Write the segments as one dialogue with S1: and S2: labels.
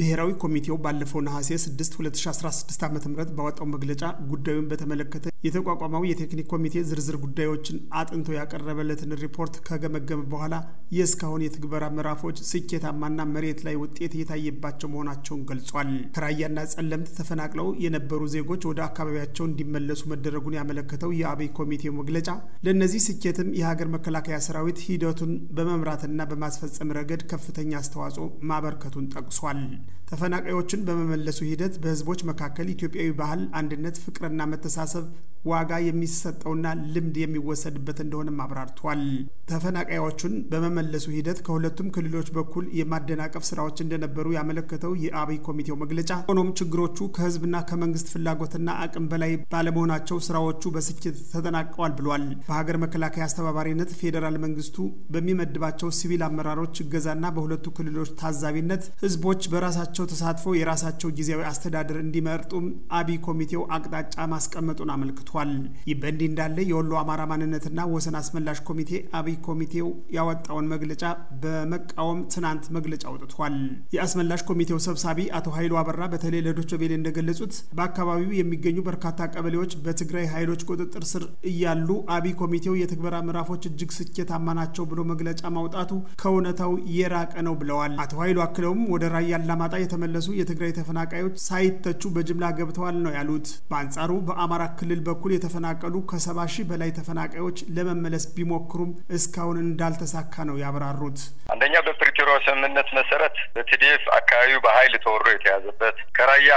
S1: ብሔራዊ ኮሚቴው ባለፈው ነሐሴ 6 2016 ዓ ም ባወጣው መግለጫ ጉዳዩን በተመለከተ የተቋቋመው የቴክኒክ ኮሚቴ ዝርዝር ጉዳዮችን አጥንቶ ያቀረበለትን ሪፖርት ከገመገመ በኋላ የእስካሁን የትግበራ ምዕራፎች ስኬታማና መሬት ላይ ውጤት የታየባቸው መሆናቸውን ገልጿል። ከራያና ጸለምት ተፈናቅለው የነበሩ ዜጎች ወደ አካባቢያቸው እንዲመለሱ መደረጉን ያመለከተው የአብይ ኮሚቴው መግለጫ ለእነዚህ ስኬትም የሀገር መከላከያ ሰራዊት ሂደቱን በመምራትና በማስፈጸም ረገድ ከፍተኛ አስተዋጽኦ ማበርከቱን ጠቅሷል። ተፈናቃዮችን በመመለሱ ሂደት በህዝቦች መካከል ኢትዮጵያዊ ባህል አንድነት ፍቅርና መተሳሰብ ዋጋ የሚሰጠውና ልምድ የሚወሰድበት እንደሆነም አብራርቷል። ተፈናቃዮቹን በመመለሱ ሂደት ከሁለቱም ክልሎች በኩል የማደናቀፍ ስራዎች እንደነበሩ ያመለከተው የአብይ ኮሚቴው መግለጫ፣ ሆኖም ችግሮቹ ከህዝብና ከመንግስት ፍላጎትና አቅም በላይ ባለመሆናቸው ስራዎቹ በስኬት ተጠናቀዋል ብሏል። በሀገር መከላከያ አስተባባሪነት ፌዴራል መንግስቱ በሚመድባቸው ሲቪል አመራሮች እገዛና በሁለቱ ክልሎች ታዛቢነት ህዝቦች በራሳቸው ተሳትፎ የራሳቸው ጊዜያዊ አስተዳደር እንዲመርጡም አብይ ኮሚቴው አቅጣጫ ማስቀመጡን አመልክቷል። አሳልፏል። ይህ በእንዲህ እንዳለ የወሎ አማራ ማንነትና ወሰን አስመላሽ ኮሚቴ አብይ ኮሚቴው ያወጣውን መግለጫ በመቃወም ትናንት መግለጫ አውጥቷል። የአስመላሽ ኮሚቴው ሰብሳቢ አቶ ኃይሉ አበራ በተለይ ለዶቸቤሌ እንደገለጹት በአካባቢው የሚገኙ በርካታ ቀበሌዎች በትግራይ ኃይሎች ቁጥጥር ስር እያሉ አብይ ኮሚቴው የትግበራ ምዕራፎች እጅግ ስኬታማ ናቸው ብሎ መግለጫ ማውጣቱ ከእውነታው የራቀ ነው ብለዋል። አቶ ኃይሉ አክለውም ወደ ራያ አላማጣ የተመለሱ የትግራይ ተፈናቃዮች ሳይተቹ በጅምላ ገብተዋል ነው ያሉት። በአንጻሩ በአማራ ክልል በ በኩል የተፈናቀሉ ከሰባ ሺህ በላይ ተፈናቃዮች ለመመለስ ቢሞክሩም እስካሁን እንዳልተሳካ ነው ያብራሩት።
S2: አንደኛ በፕሪቶሪያው ስምምነት መሰረት በቲዲኤፍ አካባቢው በኃይል ተወሮ የተያዘበት ከራያ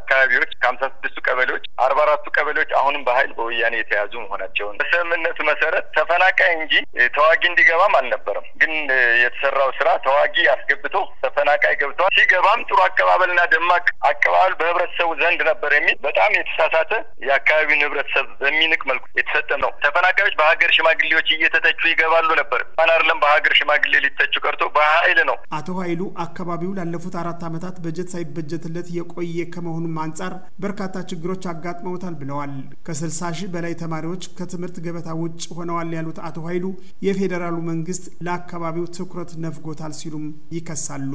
S2: አካባቢዎች ከሀምሳ ስድስቱ ቀበሌዎች አርባ አራቱ ቀበሌዎች አሁንም በኃይል በወያኔ የተያዙ መሆናቸውን በስምምነቱ መሰረት ተፈናቃይ እንጂ ተዋጊ እንዲገባም አልነበረም። ግን የተሰራው ስራ ተዋጊ አስገብቶ ሲገባም ጥሩ አቀባበልና ደማቅ አቀባበል በህብረተሰቡ ዘንድ ነበር የሚል በጣም የተሳሳተ የአካባቢውን ህብረተሰብ በሚንቅ መልኩ የተሰጠ ነው። ተፈናቃዮች በሀገር ሽማግሌዎች እየተተቹ ይገባሉ ነበር። ማን አይደለም በሀገር ሽማግሌ ሊተቹ ቀርቶ
S1: በሀይል ነው። አቶ ኃይሉ አካባቢው ላለፉት አራት ዓመታት በጀት ሳይበጀትለት የቆየ ከመሆኑም አንጻር በርካታ ችግሮች አጋጥመውታል ብለዋል። ከስልሳ ሺህ በላይ ተማሪዎች ከትምህርት ገበታ ውጭ ሆነዋል ያሉት አቶ ኃይሉ የፌዴራሉ መንግስት ለአካባቢው ትኩረት ነፍጎታል ሲሉም ይከሳሉ።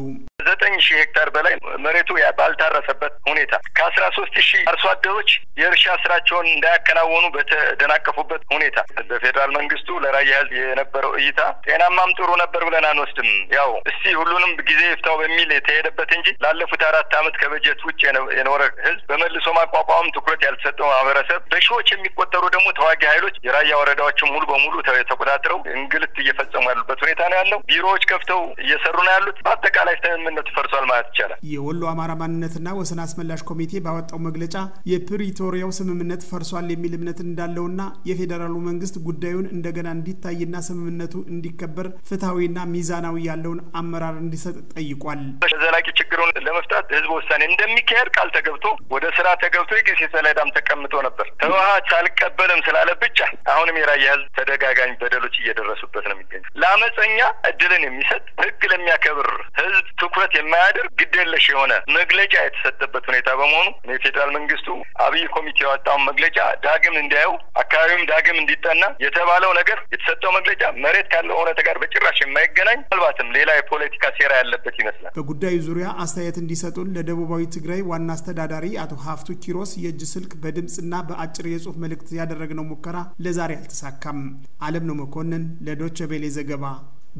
S1: ዘጠኝ
S2: ሺህ ሄክታር በላይ መሬቱ ባልታረሰበት ሁኔታ ከአስራ ሶስት ሺህ አርሶ አደሮች የእርሻ ስራቸውን እንዳያከናወኑ በተደናቀፉበት ሁኔታ በፌዴራል መንግስቱ ለራያ ህዝብ የነበረው እይታ ጤናማም ጥሩ ነበር ብለን አንወስድም። ያው እስቲ ሁሉንም ጊዜ ይፍታው በሚል የተሄደበት እንጂ ላለፉት አራት አመት ከበጀት ውጭ የኖረ ህዝብ በመልሶ ማቋቋም ትኩረት ያልተሰጠው ማህበረሰብ፣ በሺዎች የሚቆጠሩ ደግሞ ተዋጊ ኃይሎች የራያ ወረዳዎችን ሙሉ በሙሉ ተቆጣጥረው እንግልት እየፈጸሙ ያሉበት ሁኔታ ነው ያለው። ቢሮዎች ከፍተው እየሰሩ ነው ያሉት። በአጠቃላይ ስምምነቱ ተመርቷል ማለት ይቻላል።
S1: የወሎ አማራ ማንነትና ወሰን አስመላሽ ኮሚቴ ባወጣው መግለጫ የፕሪቶሪያው ስምምነት ፈርሷል የሚል እምነት እንዳለውና የፌዴራሉ መንግስት ጉዳዩን እንደገና እንዲታይና ስምምነቱ እንዲከበር ፍትሐዊና ሚዛናዊ ያለውን አመራር እንዲሰጥ ጠይቋል። ዘላቂ
S2: ችግሩን ለመፍታት ህዝብ ውሳኔ እንደሚካሄድ ቃል ተገብቶ ወደ ስራ ተገብቶ የጊዜ ሰሌዳም ተቀምጦ ነበር። ህወሀት አልቀበልም ስላለ ብቻ አሁንም የራያ ህዝብ ተደጋጋሚ በደሎች እየደረሱበት ነው የሚገኙ ለአመፀኛ እድልን የሚሰጥ ህግ ለሚያከብር ህዝብ ትኩረት የማያደርግ ግደለሽ የሆነ መግለጫ የተሰጠበት ሁኔታ በመሆኑ የፌዴራል መንግስቱ አብይ ኮሚቴ ያወጣውን መግለጫ ዳግም እንዲያየው አካባቢውም ዳግም እንዲጠና የተባለው ነገር የተሰጠው መግለጫ መሬት ካለው እውነት ጋር በጭራሽ የማይገናኝ ምናልባትም ሌላ የፖለቲካ ሴራ ያለበት ይመስላል።
S1: በጉዳዩ ዙሪያ አስተያየት እንዲሰጡን ለደቡባዊ ትግራይ ዋና አስተዳዳሪ አቶ ሀፍቱ ኪሮስ የእጅ ስልክ በድምፅና በአጭር የጽሁፍ መልእክት ያደረግነው ሙከራ ለዛሬ አልተሳካም። አለም ነው መኮንን ለዶቸ ቤሌ ዘገባ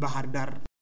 S1: ባህር ዳር